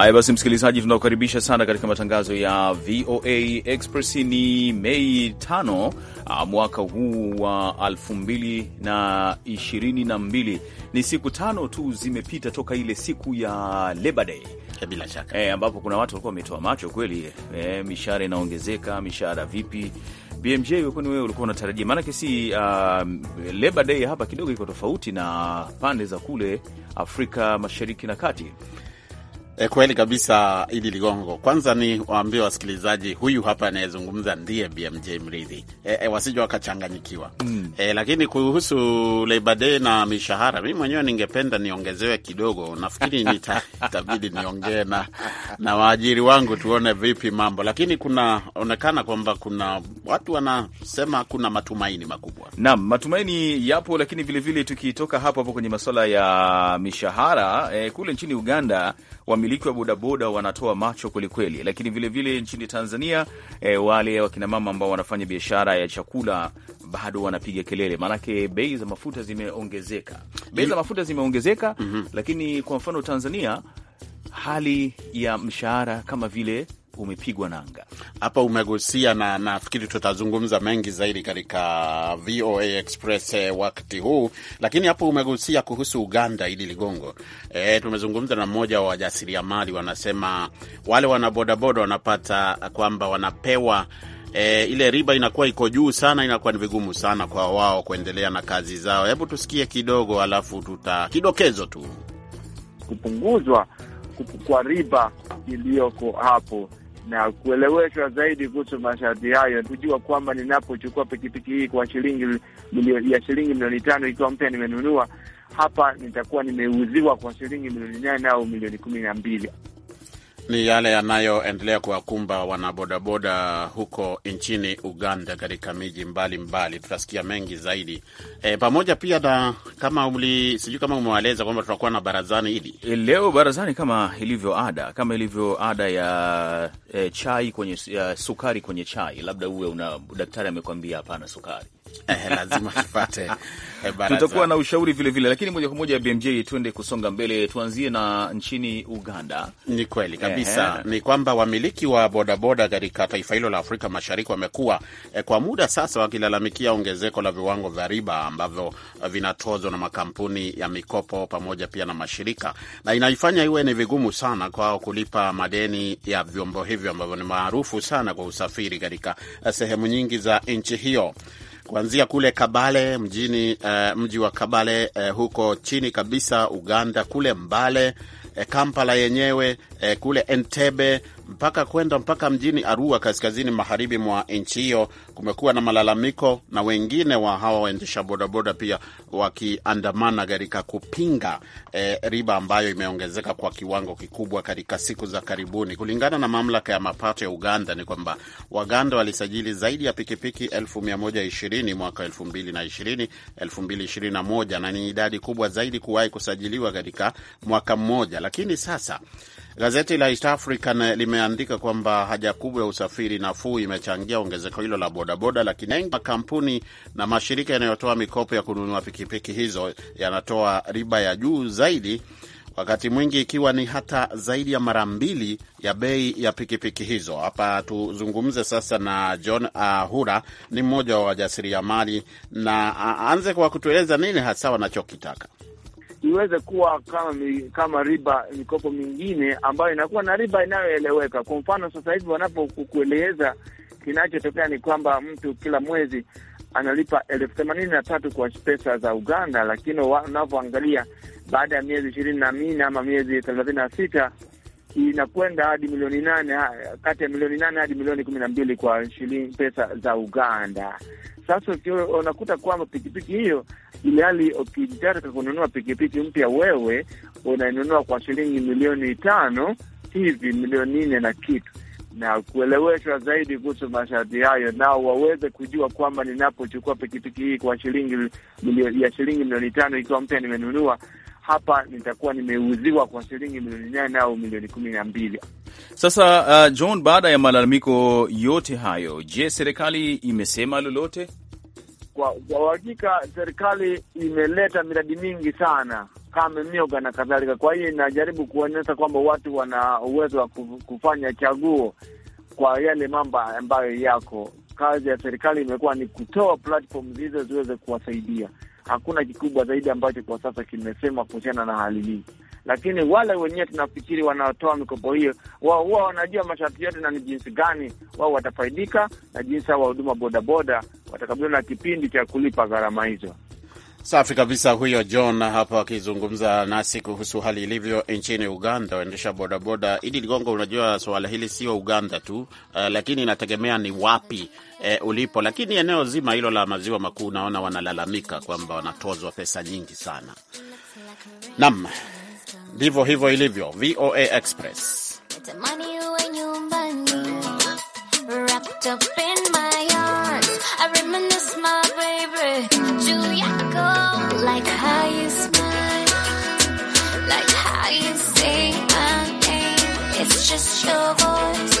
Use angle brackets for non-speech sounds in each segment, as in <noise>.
Haya basi, msikilizaji, tunakukaribisha sana katika matangazo ya VOA Express. Ni Mei tano ah, mwaka huu wa elfu mbili na ishirini na mbili. Ni siku tano tu zimepita toka ile siku ya Labor Day bila shaka e, ambapo kuna watu walikuwa wametoa macho kweli e, mishahara inaongezeka, mishahara vipi? BMJ kwani wewe ulikuwa unatarajia? Maanake si uh, Labor Day hapa kidogo iko tofauti na pande za kule Afrika Mashariki na Kati. E, kweli kabisa Idi Ligongo. Kwanza ni waambie wasikilizaji, huyu hapa anayezungumza ndiye BMJ Mridhi, e, e, wasije wakachanganyikiwa mm. E, lakini kuhusu Labor Day na mishahara, mi mwenyewe ningependa niongezewe kidogo. Nafikiri <laughs> nita, itabidi niongee na, na waajiri wangu tuone vipi mambo, lakini kunaonekana kwamba kuna watu wanasema kuna matumaini makubwa. Naam, matumaini yapo, lakini vilevile tukitoka hapo hapo kwenye masuala ya mishahara e, kule nchini Uganda wamiliki wa bodaboda wanatoa macho kwelikweli, lakini vilevile vile nchini Tanzania e, wale wakinamama ambao wanafanya biashara ya chakula bado wanapiga kelele, maanake bei za mafuta zimeongezeka, bei za mafuta zimeongezeka mm -hmm. Lakini kwa mfano Tanzania hali ya mshahara kama vile umepigwa nanga. Hapa umegusia na nafikiri tutazungumza mengi zaidi katika VOA Express eh, wakati huu, lakini hapo umegusia kuhusu Uganda, ili Ligongo. E, tumezungumza na mmoja wa wajasiriamali, wanasema wale wanabodaboda wanapata kwamba wanapewa E, ile riba inakuwa iko juu sana, inakuwa ni vigumu sana kwa wao kuendelea na kazi zao. Hebu tusikie kidogo, alafu tuta kidokezo tu kupunguzwa kwa riba iliyoko hapo na kueleweshwa zaidi kuhusu masharti hayo, kujua kwamba ninapochukua pikipiki hii kwa shilingi ya shilingi milioni tano ikiwa mpya nimenunua hapa, nitakuwa nimeuziwa kwa shilingi milioni nane au milioni kumi na mbili ni yale yanayoendelea kuwakumba wanabodaboda huko nchini Uganda katika miji mbalimbali. Tutasikia mengi zaidi e, pamoja pia na kama uli sijui kama umewaeleza kwamba tutakuwa na barazani hili e, leo. Barazani kama ilivyo ada, kama ilivyo ada ya e, chai kwenye ya sukari kwenye chai, labda uwe una daktari amekwambia hapana sukari Eh, lazima tupate eh, <laughs> tutakuwa na ushauri vilevile vile. Lakini moja kwa moja BMJ, tuende kusonga mbele, tuanzie na nchini Uganda. Ni kweli kabisa Ehe. Ni kwamba wamiliki wa bodaboda katika taifa hilo la Afrika Mashariki wamekuwa eh, kwa muda sasa wakilalamikia ongezeko la viwango vya riba ambavyo eh, vinatozwa na makampuni ya mikopo pamoja pia na mashirika, na inaifanya iwe ni vigumu sana kwao kulipa madeni ya vyombo hivyo ambavyo ni maarufu sana kwa usafiri katika sehemu nyingi za nchi hiyo kuanzia kule Kabale mjini, uh, mji wa Kabale uh, huko chini kabisa Uganda, kule Mbale, uh, Kampala yenyewe, uh, kule Entebbe mpaka kwenda mpaka mjini Arua kaskazini magharibi mwa nchi hiyo. Kumekuwa na malalamiko na wengine wa hawa waendesha bodaboda pia wakiandamana katika kupinga eh, riba ambayo imeongezeka kwa kiwango kikubwa katika siku za karibuni. Kulingana na mamlaka ya mapato ya Uganda ni kwamba Waganda walisajili zaidi ya pikipiki 1120 mwaka 2020 2021 na ni idadi kubwa zaidi kuwahi kusajiliwa katika mwaka mmoja, lakini sasa Gazeti la East African eh, limeandika kwamba haja kubwa ya usafiri nafuu imechangia ongezeko hilo la bodaboda, lakini makampuni na mashirika yanayotoa mikopo ya kununua pikipiki hizo yanatoa riba ya juu zaidi, wakati mwingi ikiwa ni hata zaidi ya mara mbili ya bei ya pikipiki hizo. Hapa tuzungumze sasa na John Ahura, ni mmoja wa wajasiriamali, na aanze kwa kutueleza nini hasa wanachokitaka iweze kuwa kama mi, kama riba mikopo mingine ambayo inakuwa na riba inayoeleweka. Kwa mfano sasa hivi wanapokueleza kinachotokea ni kwamba mtu kila mwezi analipa elfu themanini na tatu kwa pesa za Uganda, lakini unavyoangalia baada ya miezi ishirini na minne ama miezi thelathini na sita inakwenda hadi milioni nane kati ya milioni nane hadi milioni kumi na mbili kwa shilingi pesa za Uganda. Sasa unakuta kwamba pikipiki hiyo, ili hali kununua pikipiki mpya, wewe unainunua kwa shilingi milioni tano hivi, milioni nne na kitu na kueleweshwa zaidi kuhusu masharti hayo, nao waweze kujua kwamba ninapochukua pikipiki hii kwa shilingi ya shilingi milioni tano ikiwa mpya nimenunua, hapa nitakuwa nimeuziwa kwa shilingi milioni nane au milioni kumi na mbili. Sasa uh, John, baada ya malalamiko yote hayo, je, serikali imesema lolote? Kwa uhakika serikali imeleta miradi mingi sana kama mioga na kadhalika, kwa hiyo inajaribu kuonyesha kwamba watu wana uwezo wa kufanya chaguo kwa yale mambo ambayo yako. Kazi ya serikali imekuwa ni kutoa hizo ziweze kuwasaidia hakuna kikubwa zaidi ambacho kwa sasa kimesema kuhusiana na hali hii, lakini wale wenyewe tunafikiri wanaotoa mikopo hiyo wao huwa wanajua masharti yote na ni jinsi gani wao watafaidika na jinsi hao wahuduma bodaboda watakabiliwa na kipindi cha kulipa gharama hizo. Safi kabisa, huyo John hapo akizungumza nasi kuhusu hali ilivyo nchini Uganda. Waendesha bodaboda Idi Ligongo, unajua suala hili sio Uganda tu, uh, lakini inategemea ni wapi uh, ulipo, lakini eneo zima hilo la maziwa makuu naona wanalalamika kwamba wanatozwa pesa nyingi sana. Nam, ndivyo hivyo ilivyo. VOA Express like how you smile, like how you say my name. It's just your voice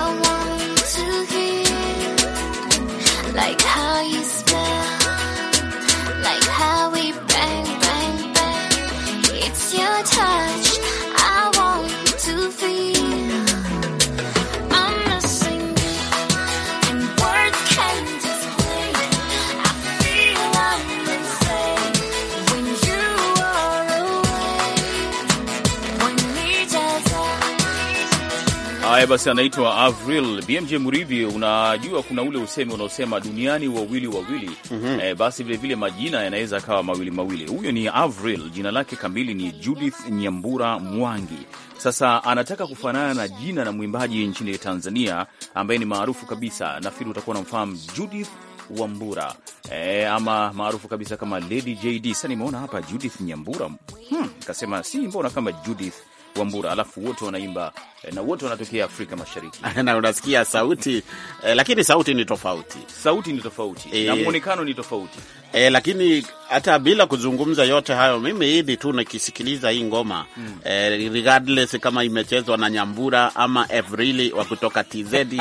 I want to hear, like how. Haya basi, anaitwa Avril BMJ Muridhi. Unajua kuna ule usemi unaosema duniani wawili wawili. mm -hmm. E, basi vilevile majina yanaweza akawa mawili mawili. Huyo ni Avril, jina lake kamili ni Judith Nyambura Mwangi. Sasa anataka kufanana na jina na mwimbaji nchini Tanzania ambaye ni maarufu kabisa, nafikiri utakuwa unamfahamu Judith Wambura e, ama maarufu kabisa kama Lady JD. Sasa nimeona hapa Judith Nyambura, hmm, kasema si mbona kama Judith Wambura, alafu wote wanaimba eh, na wote wanatokea Afrika Mashariki <laughs> na unasikia sauti eh, lakini sauti ni tofauti, sauti ni tofauti eh, na mwonekano ni tofauti eh, lakini hata bila kuzungumza yote hayo, mimi hivi tu nikisikiliza hii ngoma mm, eh, regardless kama imechezwa na Nyambura ama Evrili wa kutoka TZ <laughs>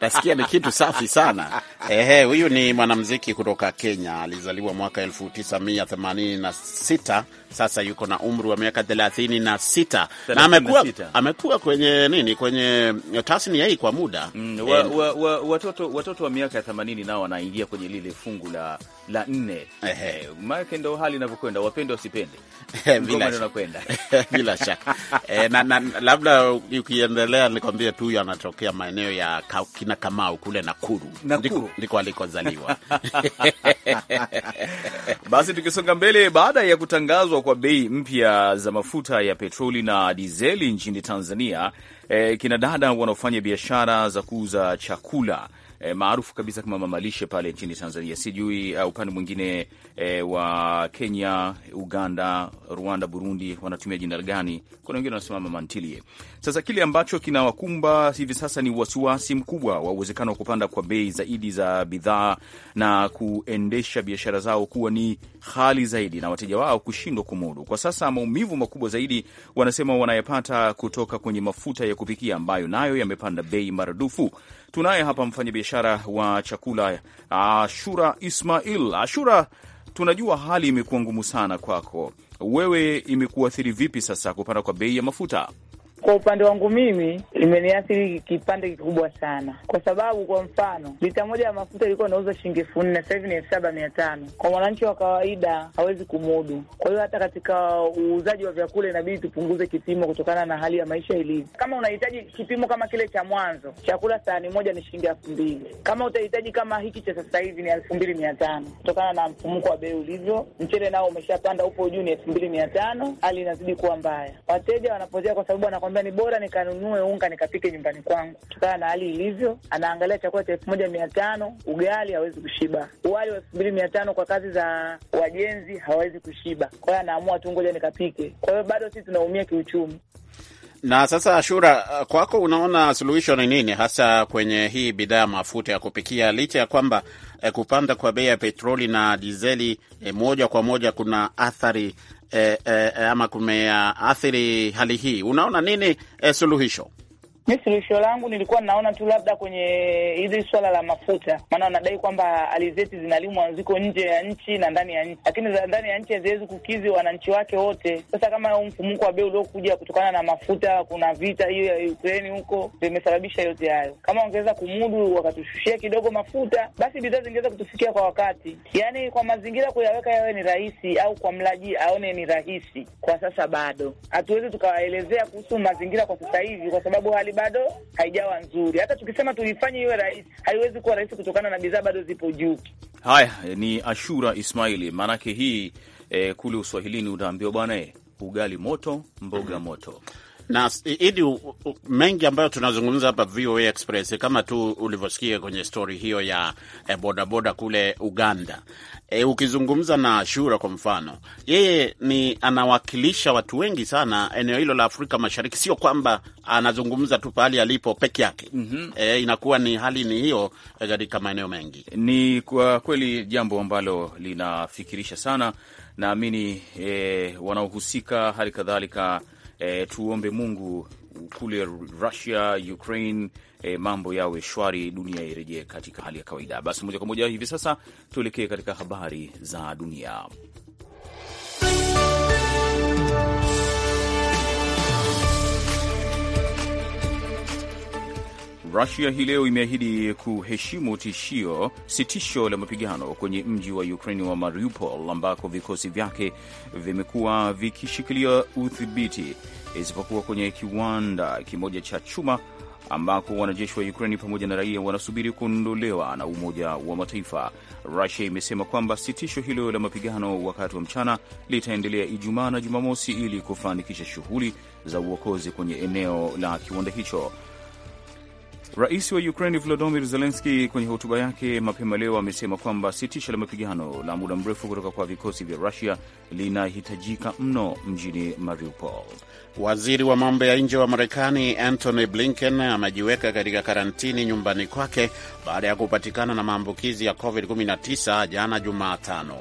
nasikia ni kitu safi sana. Eh, huyu ni mwanamuziki kutoka Kenya, alizaliwa mwaka 1986 sasa yuko na umri wa miaka 36 na amekuwa amekuwa kwenye nini kwenye tasnia hii kwa muda mm, wa, eh, wa, wa, watoto, watoto wa miaka ya themanini nao wanaingia kwenye lile fungu la la nne eh, maake ndo hali inavyokwenda, wapende wasipende unakwenda <laughs> <laughs> bila shaka eh, na, na, labda ukiendelea nikwambie tu huyu anatokea maeneo ya kina Kamau kule Nakuru, Nakuru ndiko alikozaliwa. <laughs> Basi tukisonga mbele, baada ya kutangazwa kwa bei mpya za mafuta ya petroli na dizeli nchini Tanzania. E, eh, kinadada wanaofanya biashara za kuuza chakula e, maarufu kabisa kama mamalishe pale nchini Tanzania. Sijui uh, upande mwingine e, wa Kenya, Uganda, Rwanda, Burundi wanatumia jina gani? Kuna wengine wanasema mamantilie. Sasa kile ambacho kinawakumba hivi sasa ni wasiwasi mkubwa wa uwezekano wa kupanda kwa bei zaidi za bidhaa na kuendesha biashara zao kuwa ni hali zaidi na wateja wao kushindwa kumudu. Kwa sasa maumivu makubwa zaidi wanasema wanayapata kutoka kwenye mafuta ya kupikia ambayo nayo yamepanda bei maradufu. Tunaye hapa mfanyabiashara wa chakula Ashura Ismail. Ashura, tunajua hali imekuwa ngumu sana kwako wewe, imekuathiri vipi sasa kupanda kwa bei ya mafuta? Kwa upande wangu mimi imeniathiri kipande kikubwa sana, kwa sababu kwa mfano lita moja ya mafuta ilikuwa inauza shilingi elfu nne, sasa hivi ni elfu saba mia tano. Kwa mwananchi wa kawaida hawezi kumudu. Kwa hiyo hata katika uuzaji wa vyakula inabidi tupunguze kipimo kutokana na hali ya maisha ilivyo. Kama unahitaji kipimo kama kile cha mwanzo, chakula sahani moja ni shilingi elfu mbili. Kama utahitaji kama hiki cha sasa hivi ni elfu mbili mia tano kutokana na mfumuko wa bei ulivyo. Mchele nao umeshapanda, upo juu, ni elfu mbili mia tano. Hali inazidi kuwa mbaya, wateja wanapotea kwa sababu kwamba ni bora nikanunue unga nikapike nyumbani kwangu, kutokana na hali ilivyo. Anaangalia chakula cha elfu moja mia tano ugali hawezi kushiba, wali wa elfu mbili mia tano kwa kazi za wajenzi hawawezi kushiba. Kwa hiyo anaamua tu, ngoja nikapike. Kwa hiyo bado sisi tunaumia kiuchumi. Na sasa, Ashura, kwako unaona suluhisho ni nini hasa kwenye hii bidhaa ya mafuta ya kupikia, licha ya kwamba eh, kupanda kwa bei ya petroli na dizeli eh, moja kwa moja kuna athari Eh, eh, eh, ama kumeathiri hali hii, unaona nini eh, suluhisho? Mi suluhisho langu nilikuwa naona tu labda kwenye hili swala la mafuta, maana wanadai kwamba alizeti zinalimwa ziko nje ya nchi na ndani ya nchi, lakini za ndani ya nchi haziwezi kukizi wananchi wake wote. Sasa kama huu mfumuko wa bei uliokuja kutokana na mafuta, kuna vita hiyo ya Ukraini huko imesababisha yote hayo. Kama wangeweza kumudu wakatushushia kidogo mafuta, basi bidhaa zingeweza kutufikia kwa wakati. Yaani kwa mazingira kuyaweka yawe ni rahisi, au kwa mlaji aone ni rahisi. Kwa sasa bado hatuwezi tukawaelezea kuhusu mazingira kwa sasa hivi, kwa sababu hali hali bado haijawa nzuri. Hata tukisema tuifanye iwe rahisi, haiwezi kuwa rahisi kutokana na bidhaa bado zipo juu. Haya ni Ashura Ismaili, maanake hii eh, kule Uswahilini utaambiwa bwana, eh, ugali moto mboga mhm. moto na ili mengi ambayo tunazungumza hapa VOA Express, kama tu ulivyosikia kwenye stori hiyo ya e, eh, boda kule Uganda. E, ukizungumza na Shura kwa mfano, yeye ni anawakilisha watu wengi sana eneo hilo la Afrika Mashariki, sio kwamba anazungumza tu pahali alipo peke yake. mm -hmm. E, inakuwa ni hali ni hiyo katika maeneo mengi. Ni kwa kweli jambo ambalo linafikirisha sana, naamini e, wanaohusika hali kadhalika e, tuombe Mungu kule Russia, Ukraine, e, mambo yawe shwari, dunia irejee katika hali ya kawaida. Basi moja kwa moja hivi sasa tuelekee katika habari za dunia. Rusia hii leo imeahidi kuheshimu tishio sitisho la mapigano kwenye mji wa Ukraini wa Mariupol ambako vikosi vyake vimekuwa vikishikilia udhibiti, isipokuwa kwenye kiwanda kimoja cha chuma ambako wanajeshi wa Ukraini pamoja na raia wanasubiri kuondolewa na Umoja wa Mataifa. Rusia imesema kwamba sitisho hilo la mapigano wakati wa mchana litaendelea Ijumaa na Jumamosi ili kufanikisha shughuli za uokozi kwenye eneo la kiwanda hicho. Rais wa Ukraini Volodymyr Zelenski kwenye hotuba yake mapema leo amesema kwamba sitisho la mapigano la muda mrefu kutoka kwa vikosi vya Rusia linahitajika mno mjini Mariupol. Waziri wa mambo ya nje wa Marekani Antony Blinken amejiweka katika karantini nyumbani kwake baada ya kupatikana na maambukizi ya COVID-19 jana Jumatano.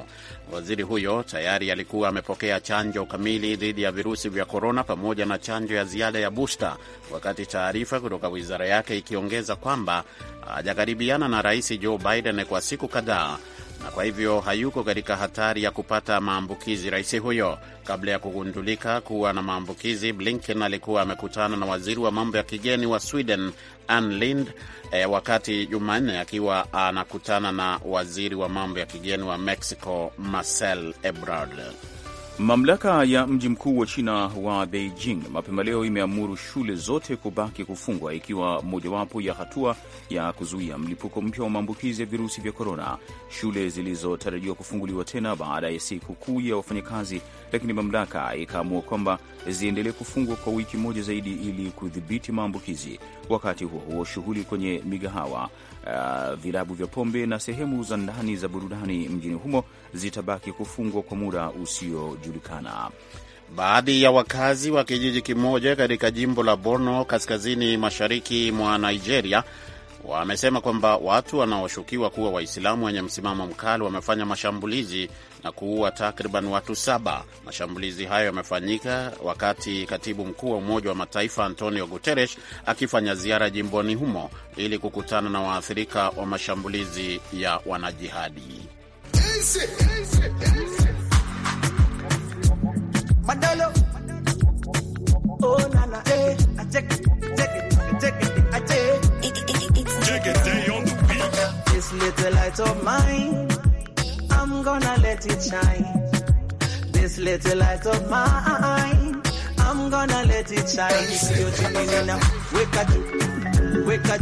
Waziri huyo tayari alikuwa amepokea chanjo kamili dhidi ya virusi vya korona pamoja na chanjo ya ziada ya busta, wakati taarifa kutoka wizara yake ikiongeza kwamba hajakaribiana na Rais Joe Biden kwa siku kadhaa na kwa hivyo hayuko katika hatari ya kupata maambukizi rais huyo. Kabla ya kugundulika kuwa na maambukizi, Blinken alikuwa amekutana na waziri wa mambo ya kigeni wa Sweden Ann lind e, wakati Jumanne akiwa anakutana na waziri wa mambo ya kigeni wa Mexico Marcel Ebrard. Mamlaka ya mji mkuu wa China wa Beijing mapema leo imeamuru shule zote kubaki kufungwa ikiwa mojawapo ya hatua ya kuzuia mlipuko mpya wa maambukizi ya virusi vya korona. Shule zilizotarajiwa kufunguliwa tena baada ya siku kuu ya wafanyakazi, lakini mamlaka ikaamua kwamba ziendelee kufungwa kwa wiki moja zaidi ili kudhibiti maambukizi. Wakati huo huo, shughuli kwenye migahawa uh, vilabu vya pombe na sehemu za ndani za burudani mjini humo zitabaki kufungwa kwa muda usiojulikana. Baadhi ya wakazi wa kijiji kimoja katika jimbo la Borno kaskazini mashariki mwa Nigeria wamesema kwamba watu wanaoshukiwa kuwa Waislamu wenye msimamo mkali wamefanya mashambulizi na kuua takriban watu saba. Mashambulizi hayo yamefanyika wakati katibu mkuu wa Umoja wa Mataifa Antonio Guterres akifanya ziara jimboni humo ili kukutana na waathirika wa mashambulizi ya wanajihadi. Oh, nana, eh, light of mine, I'm gonna let it shine. This little light of mine, I'm gonna let it shine. Yotinina, wake up, wake up,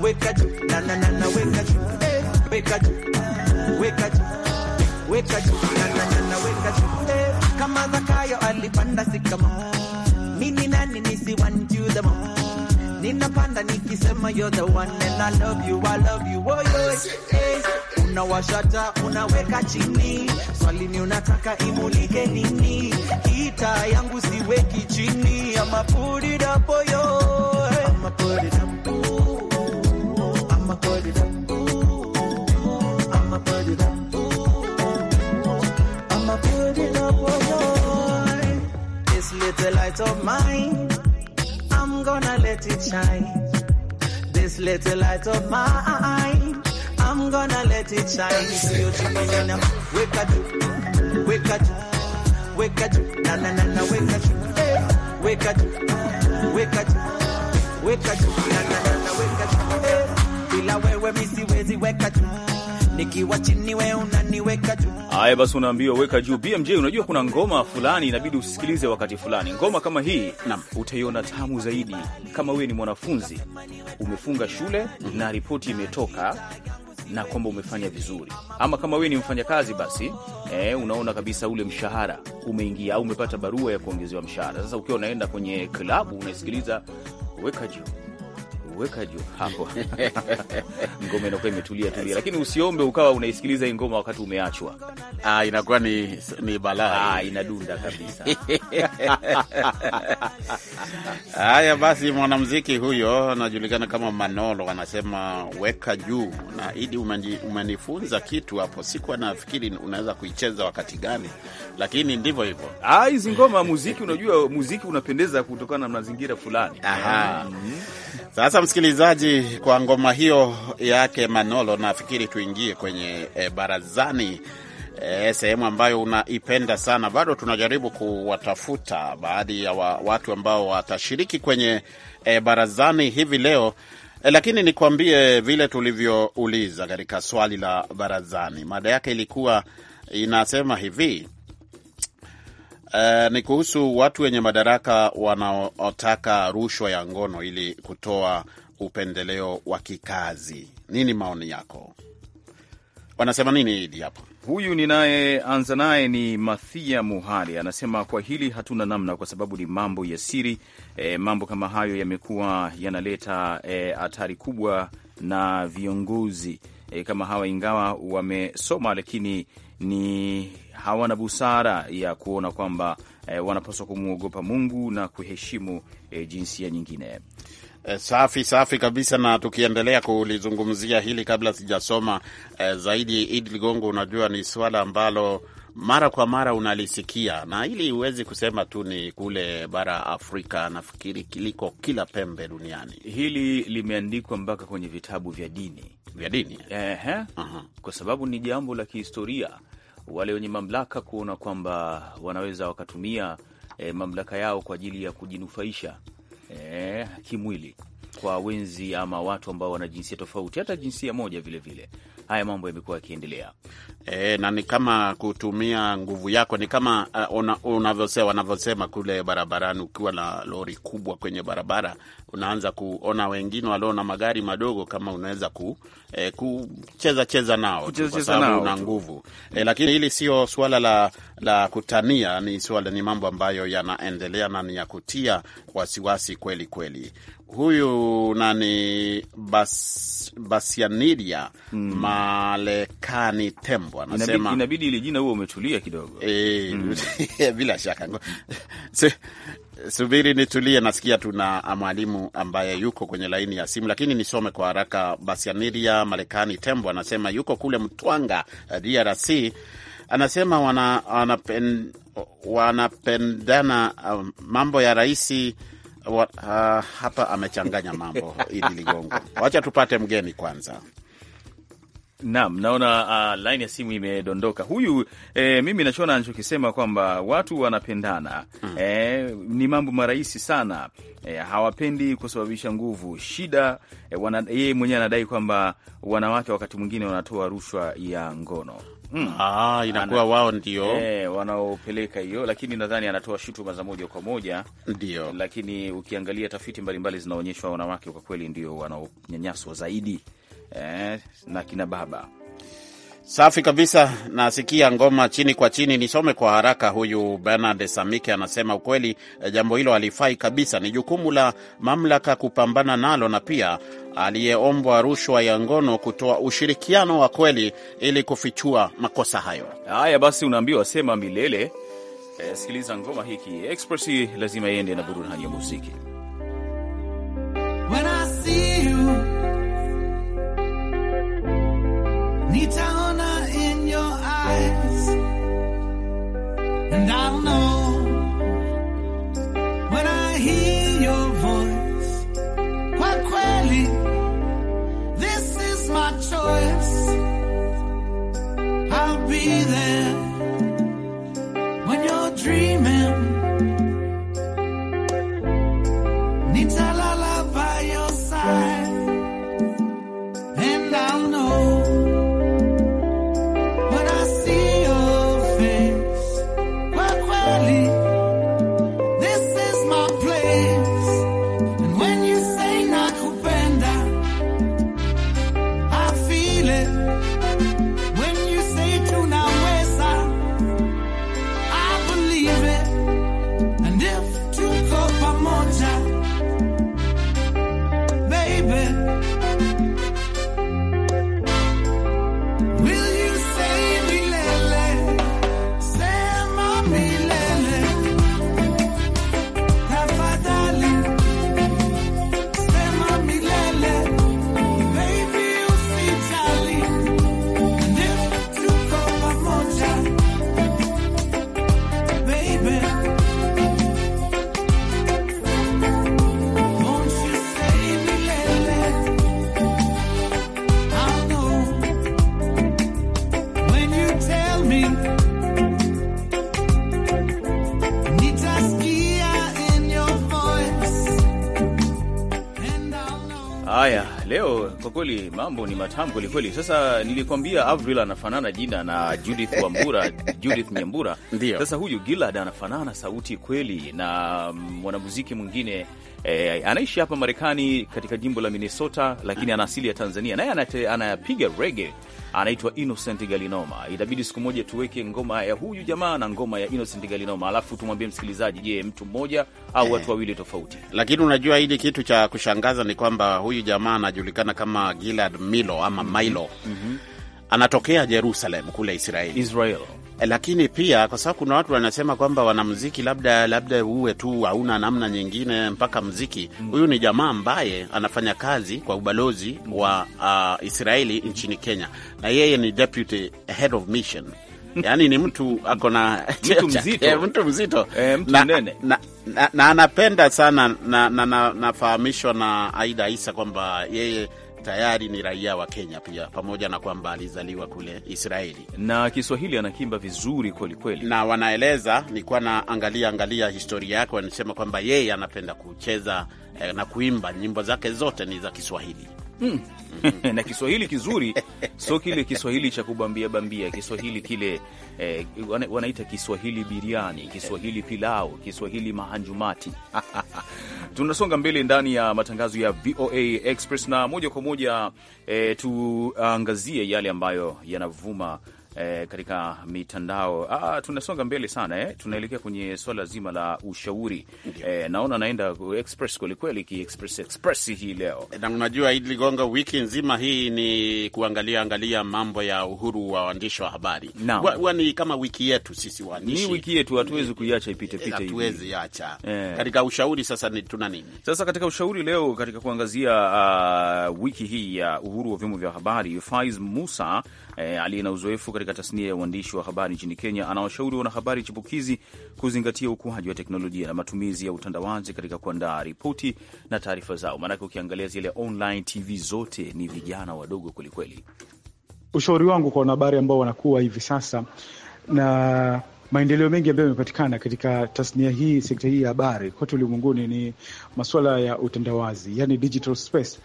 wake up, na na na na, wake up, wake up, wake up, wake up, na na na na, wake up. Kama Zakayo alipanda sikama, mimi nani nisiwanjudama ninapanda nikisema you're the one and I love you, I love you, oh yo, hey. Unawashata unaweka chini, swali ni unataka imulike nini? Kita yangu siweki chini, ama put it up, oh yo, ama put it up. little light of mine I'm gonna let it shine. This little light of mine, I'm gonna let it shine. Wake up, wake up, wake up, na na na na, wake up, wake up, wake up, wake up, na na na na, wake up. a we wewe mimi siwezi wake up. nikiwa chini we unaniweka juu. Haya basi, unaambiwa weka juu BMJ. Unajua kuna ngoma fulani inabidi usikilize wakati fulani, ngoma kama hii na utaiona tamu zaidi kama wewe ni mwanafunzi umefunga shule mm -hmm. na ripoti imetoka na kwamba umefanya vizuri, ama kama wewe ni mfanyakazi basi eh, unaona kabisa ule mshahara umeingia au umepata barua ya kuongezewa mshahara. Sasa ukiwa unaenda kwenye klabu unaisikiliza weka juu weka juu <laughs> hapo <laughs> ngoma inakuwa imetulia tulia, lakini usiombe ukawa unaisikiliza hii ngoma wakati umeachwa. Ah, inakuwa ni, ni balaa. Ah, inadunda kabisa <laughs> haya. Basi mwanamziki huyo anajulikana kama Manolo anasema weka juu, na Idi umenifunza kitu hapo, sikuwa nafikiri unaweza kuicheza wakati gani, lakini ndivyo hivyo ah, hizi ngoma muziki. Unajua muziki unapendeza kutokana na mazingira fulani. Aha. Mm -hmm. Sasa msikilizaji, kwa ngoma hiyo yake Manolo, nafikiri tuingie kwenye e, barazani e, sehemu ambayo unaipenda sana. Bado tunajaribu kuwatafuta baadhi ya wa, watu ambao watashiriki kwenye e, barazani hivi leo e, lakini nikuambie vile tulivyouliza katika swali la barazani, mada yake ilikuwa inasema hivi: Uh, ni kuhusu watu wenye madaraka wanaotaka rushwa ya ngono ili kutoa upendeleo wa kikazi. Nini maoni yako? Wanasema nini hili hapo? Huyu ninaye anza naye ni Mathia Muhali, anasema kwa hili hatuna namna, kwa sababu ni mambo ya siri. E, mambo kama hayo yamekuwa yanaleta hatari eh, e, kubwa na viongozi e, kama hawa, ingawa wamesoma lakini ni hawana busara ya kuona kwamba eh, wanapaswa kumwogopa Mungu na kuheshimu eh, jinsia nyingine. Eh, safi safi kabisa. Na tukiendelea kulizungumzia hili, kabla sijasoma eh, zaidi, Idi Ligongo, unajua ni swala ambalo mara kwa mara unalisikia na hili huwezi kusema tu ni kule bara Afrika, nafikiri kiliko kila pembe duniani. Hili limeandikwa mpaka kwenye vitabu vya dini vya dini, ehe, uh -huh. kwa sababu ni jambo la kihistoria wale wenye mamlaka kuona kwamba wanaweza wakatumia e, mamlaka yao kwa ajili ya kujinufaisha e, kimwili kwa wenzi ama watu ambao wana jinsia tofauti, hata jinsia moja vilevile vile haya mambo yamekuwa yakiendelea. E, na ni kama kutumia nguvu yako ni kama uh, unavyosema wanavyosema kule barabarani, ukiwa na lori kubwa kwenye barabara unaanza kuona wengine walio na magari madogo kama unaweza ku, e, kucheza cheza nao kwa sababu una nguvu e, lakini hili sio suala la, la kutania, ni suala ni mambo ambayo yanaendelea na ni ya kutia wasiwasi kweli kweli. Huyu nani bas, Basianidia mm. Malekani Tembo anasema inabidi ile jina huo umetulia kidogo e, mm. <laughs> bila shaka subiri nitulie. Nasikia tuna mwalimu ambaye yuko kwenye laini ya simu, lakini nisome kwa haraka basi. Marekani Tembo anasema yuko kule Mtwanga, eh, DRC. Anasema wana, wanapen, wanapendana um, mambo ya rahisi uh, ah, hapa amechanganya mambo ili ligongo. Wacha tupate mgeni kwanza. Naam, naona uh, ah, laini ya simu imedondoka. Huyu eh, mimi nachona anachokisema kwamba watu wanapendana mm. Eh, ni mambo marahisi sana eh, hawapendi kusababisha nguvu shida eh, yeye eh, mwenyewe anadai kwamba wanawake wakati mwingine wanatoa rushwa ya ngono mm. Ah, inakuwa wao ndio eh, wanaopeleka hiyo, lakini nadhani anatoa shutuma za moja kwa moja ndio, lakini ukiangalia tafiti mbalimbali zinaonyeshwa wanawake kwa kweli ndio wanaonyanyaswa zaidi eh, na kina baba. Safi kabisa, nasikia ngoma chini kwa chini. Nisome kwa haraka, huyu Bernard Samike anasema ukweli, eh, jambo hilo alifai kabisa, ni jukumu la mamlaka kupambana nalo, na pia aliyeombwa rushwa ya ngono kutoa ushirikiano wa kweli ili kufichua makosa hayo. Haya basi, unaambiwa sema milele. Eh, sikiliza ngoma hiki Express lazima iende na burudani ya muziki. Anita. baile Haya, leo kwa kweli mambo ni matamu kwelikweli. Sasa nilikwambia Avril anafanana jina na Judith Wambura, <laughs> Judith Nyambura. sasa huyu Gilad anafanana sauti kweli na mwanamuziki mwingine e, anaishi hapa Marekani katika jimbo la Minnesota, lakini ana asili ya Tanzania, naye anayapiga rege anaitwa Innocent Galinoma. Itabidi siku moja tuweke ngoma ya huyu jamaa na ngoma ya Innocent Galinoma, alafu tumwambie msikilizaji, je, mtu mmoja au watu eh. wawili tofauti? Lakini unajua hili kitu cha kushangaza ni kwamba huyu jamaa anajulikana kama Gilad Milo ama mhm. Milo. mm -hmm. Anatokea Jerusalem kule Israeli, Israel lakini pia kwa sababu kuna watu wanasema kwamba mziki labda labda uwe tu hauna namna nyingine mpaka mziki mm. huyu. Mm. Ni jamaa ambaye anafanya kazi kwa ubalozi wa uh, Israeli nchini Kenya, na yeye ni deputy head of mission <laughs> yaani ni mtu ako na mtu mzito na anapenda sana, na nafahamishwa na, na, na Aida Isa kwamba yeye tayari ni raia wa Kenya pia, pamoja na kwamba alizaliwa kule Israeli, na Kiswahili anakimba vizuri kwelikweli. Na wanaeleza, nilikuwa angalia angalia historia yake, wanasema kwamba yeye anapenda kucheza eh, na kuimba, nyimbo zake zote ni za Kiswahili. Hmm. <laughs> na Kiswahili kizuri, sio kile Kiswahili cha kubambia bambia, Kiswahili kile eh, wanaita Kiswahili biriani, Kiswahili pilau, Kiswahili mahanjumati <laughs> tunasonga mbele ndani ya matangazo ya VOA Express na moja kwa moja eh, tuangazie yale ambayo yanavuma eh, katika mitandao. Ah, ah, tunasonga mbele sana eh. Tunaelekea kwenye swala zima la ushauri eh, naona naenda express kwelikweli, ki express express hii leo eh, na unajua, Idi Ligongo, wiki nzima hii ni kuangalia angalia mambo ya uhuru wa waandishi wa habari huwa ni kama wiki yetu sisi waandishi, ni wiki yetu, hatuwezi kuiacha ipite pite, eh, hatuwezi acha eh. Katika ushauri sasa ni tuna nini sasa katika ushauri leo katika kuangazia uh, wiki hii ya uhuru wa vyombo vya habari Faiz Musa eh, aliye na uzoefu katika tasnia ya uandishi wa habari nchini Kenya, anawashauri wanahabari chipukizi kuzingatia ukuaji wa teknolojia na matumizi ya utandawazi katika kuandaa ripoti na taarifa zao, maanake ukiangalia zile online TV zote ni vijana wadogo kwelikweli. Ushauri wangu kwa wanahabari ambao wanakuwa hivi sasa na maendeleo mengi ambayo yamepatikana katika tasnia hii, sekta hii ya habari kote ulimwenguni ni masuala ya utandawazi, yani digital space.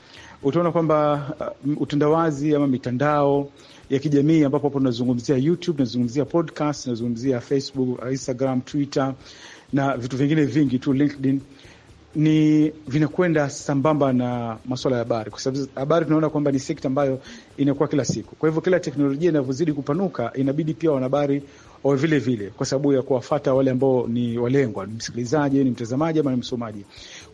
Utaona kwamba uh, utandawazi ama mitandao uh, ya kijamii ambapo hapo tunazungumzia YouTube, tunazungumzia podcast, tunazungumzia Facebook, Instagram, Twitter na vitu vingine vingi tu, LinkedIn ni vinakwenda sambamba na masuala ya habari, kwa sababu habari tunaona kwamba ni sekta ambayo inakuwa kila siku. Kwa hivyo kila teknolojia inavyozidi kupanuka, inabidi pia wanahabari au vile vile kwa sababu ya kuwafata wale ambao ni walengwa, ni msikilizaji, ni mtazamaji ama ni msomaji.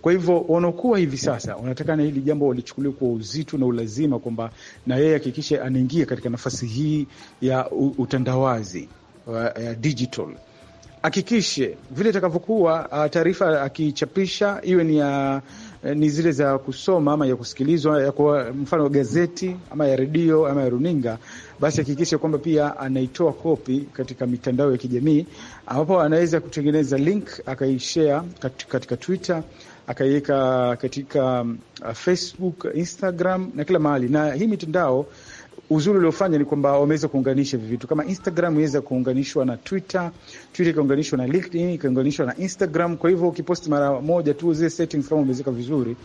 Kwa hivyo wanaokuwa hivi sasa wanatakana hili jambo walichukuliwa kwa uzito na ulazima, kwamba na yeye hakikishe anaingia katika nafasi hii ya utandawazi uh, ya digital hakikishe vile itakavyokuwa uh, taarifa akichapisha iwe ni ya uh, Eh, ni zile za kusoma ama ya kusikilizwa ya kwa mfano gazeti ama ya redio ama ya runinga, basi hakikisha kwamba pia anaitoa kopi katika mitandao ya kijamii, ambapo anaweza kutengeneza link akaishare katika Twitter akaiweka katika mm, Facebook, Instagram na kila mahali, na hii mitandao uzuri uliofanya ni kwamba wameweza kuunganisha hivi vitu, kama Instagram iweza kuunganishwa na Twitter, Twitter ikaunganishwa na LinkedIn, ikaunganishwa na Instagram. Kwa hivyo ukiposti mara moja tu zile settings kama umeziweka vizuri,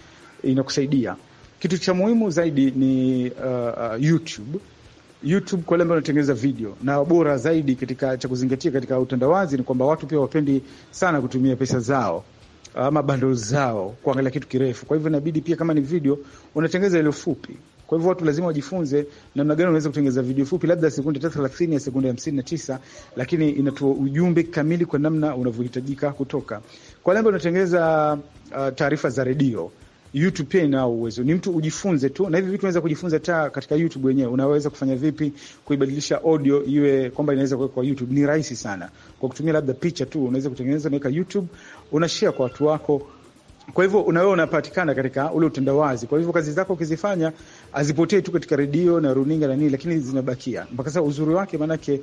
inakusaidia. Kitu cha muhimu zaidi ni uh, uh, YouTube YouTube kwa wale ambao wanatengeneza video na bora zaidi katika cha kuzingatia katika utandawazi ni kwamba watu pia wapendi sana kutumia pesa zao ama bando zao kuangalia kitu kirefu. Kwa hivyo inabidi pia, kama ni video unatengeneza ile fupi, kwa hivyo watu lazima wajifunze namna gani unaweza kutengeneza video fupi, labda sekunde 30 ya sekunde 59, lakini inatoa ujumbe kamili kwa namna unavyohitajika kutoka. Kwa lengo unatengeneza uh, taarifa za redio YouTube pia ina uwezo, ni mtu ujifunze tu, na hivi vitu unaweza kujifunza hata katika YouTube wenyewe. Unaweza kufanya vipi kuibadilisha audio iwe kwamba inaweza kuwekwa kwa YouTube? Ni rahisi sana kwa kutumia labda picha tu, unaweza kutengeneza, unaweka YouTube, unashare kwa watu wako kwa hivyo unawewe unapatikana katika ule utandawazi. Kwa hivyo kazi zako ukizifanya hazipotei tu katika redio na runinga na nini, lakini zinabakia mpaka sasa. Uzuri wake maanake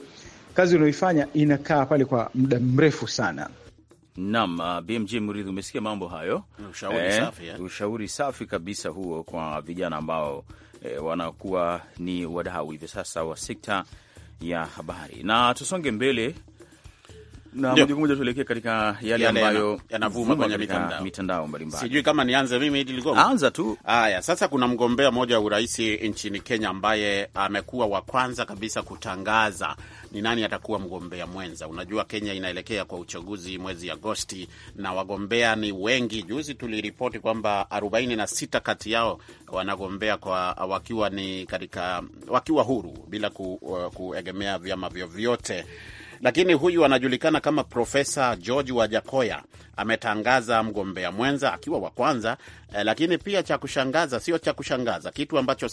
kazi unayoifanya inakaa pale kwa muda mrefu sana. Naam, uh, BMJ Murithi, umesikia mambo hayo. Ushauri, eh, safi, eh? Ushauri safi kabisa huo kwa vijana ambao eh, wanakuwa ni wadau hivi sasa wa sekta ya habari, na tusonge mbele na moja kwa moja tuelekee katika yale ambayo yanavuma kwenye mitandao mitandao mbalimbali. Sijui kama nianze mimi hili ligongo. Anza tu. Haya, sasa kuna mgombea mmoja wa urais nchini Kenya ambaye amekuwa wa kwanza kabisa kutangaza ni nani atakuwa mgombea mwenza. Unajua Kenya inaelekea kwa uchaguzi mwezi Agosti na wagombea ni wengi. Juzi tuliripoti kwamba 46 kati yao wanagombea kwa wakiwa ni katika wakiwa huru bila ku, uh, kuegemea vyama vyovyote lakini huyu anajulikana kama Profesa George Wajakoya ametangaza mgombea mwenza akiwa wa kwanza eh, lakini pia cha kushangaza, sio cha kushangaza, kitu ambacho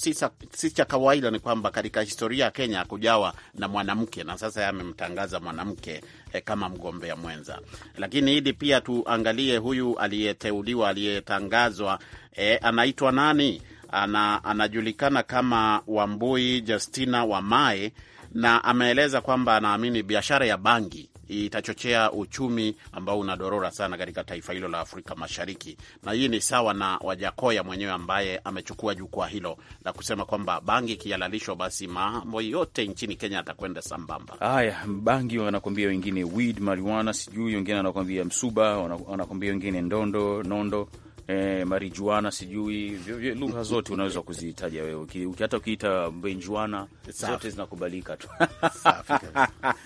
si cha kawaida ni kwamba katika historia ya Kenya hakujawa na mwanamke, na sasa amemtangaza mwanamke eh, kama mgombea mwenza. Lakini hili pia tuangalie, huyu aliyeteuliwa, aliyetangazwa, eh, anaitwa nani? Ana, anajulikana kama Wambui Justina Wamae na ameeleza kwamba anaamini biashara ya bangi itachochea uchumi ambao unadorora sana katika taifa hilo la Afrika Mashariki, na hii ni sawa na Wajakoya mwenyewe ambaye amechukua jukwaa hilo la kusema kwamba bangi ikihalalishwa, basi mambo yote nchini Kenya atakwenda sambamba. Haya, bangi wanakwambia wengine weed, marijuana, sijui wengine wanakuambia msuba, wanakwambia wengine ndondo, nondo eh, marijuana, sijui lugha zote unaweza kuzihitaja wewe, hata ukiita benjuana zote zinakubalika tu. <laughs>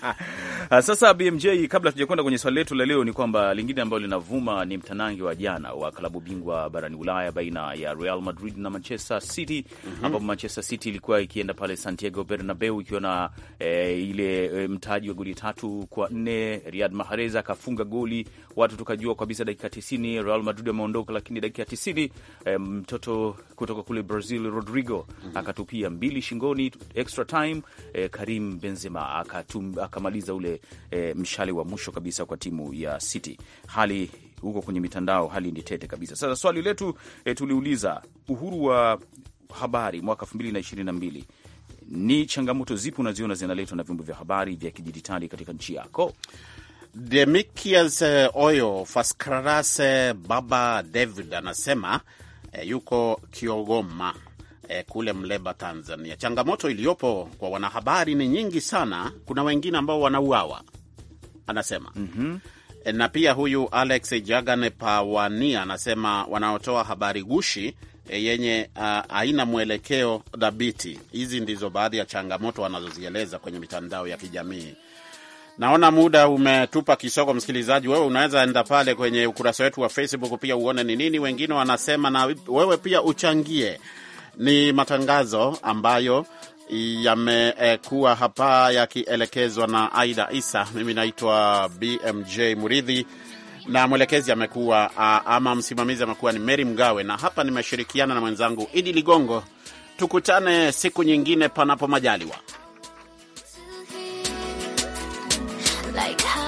Ah, sasa BMJ, kabla tujakwenda kwenye swali letu la leo, ni kwamba lingine ambalo linavuma ni mtanangi wa jana wa klabu bingwa barani Ulaya baina ya Real Madrid na Manchester City mm -hmm. ambapo Manchester City ilikuwa ikienda pale Santiago Bernabeu ikiwa na eh, ile eh, mtaji wa goli tatu kwa nne. Riyad Mahrez akafunga goli, watu tukajua kabisa dakika 90 Real Madrid ameondoka lakini dakika tisini mtoto kutoka kule Brazil Rodrigo mm -hmm. akatupia mbili shingoni extra time eh, Karim Benzema akatum, akamaliza ule eh, mshale wa mwisho kabisa kwa timu ya City. Hali huko kwenye mitandao, hali ni tete kabisa. Sasa swali letu eh, tuliuliza uhuru wa habari mwaka mbili ni changamoto zipi unaziona zinaletwa na vyombo vya habari vya kidijitali katika nchi yako? Demikias eh, Oyo Faskarase Baba David anasema eh, yuko Kiogoma eh, kule Mleba, Tanzania. Changamoto iliyopo kwa wanahabari ni nyingi sana, kuna wengine ambao wanauawa anasema mm -hmm. eh, na pia huyu Alex Jagane Pawani anasema wanaotoa habari gushi e, yenye ah, aina mwelekeo dhabiti. Hizi ndizo baadhi ya changamoto wanazozieleza kwenye mitandao ya kijamii. Naona muda umetupa kisogo, msikilizaji. Wewe unaweza enda pale kwenye ukurasa wetu wa Facebook pia uone ni nini wengine wanasema, na wewe pia uchangie. Ni matangazo ambayo yamekuwa hapa yakielekezwa na Aida Isa. Mimi naitwa BMJ Muridhi na mwelekezi amekuwa ama msimamizi amekuwa ni Meri Mgawe, na hapa nimeshirikiana na mwenzangu Idi Ligongo. Tukutane siku nyingine, panapo majaliwa. like how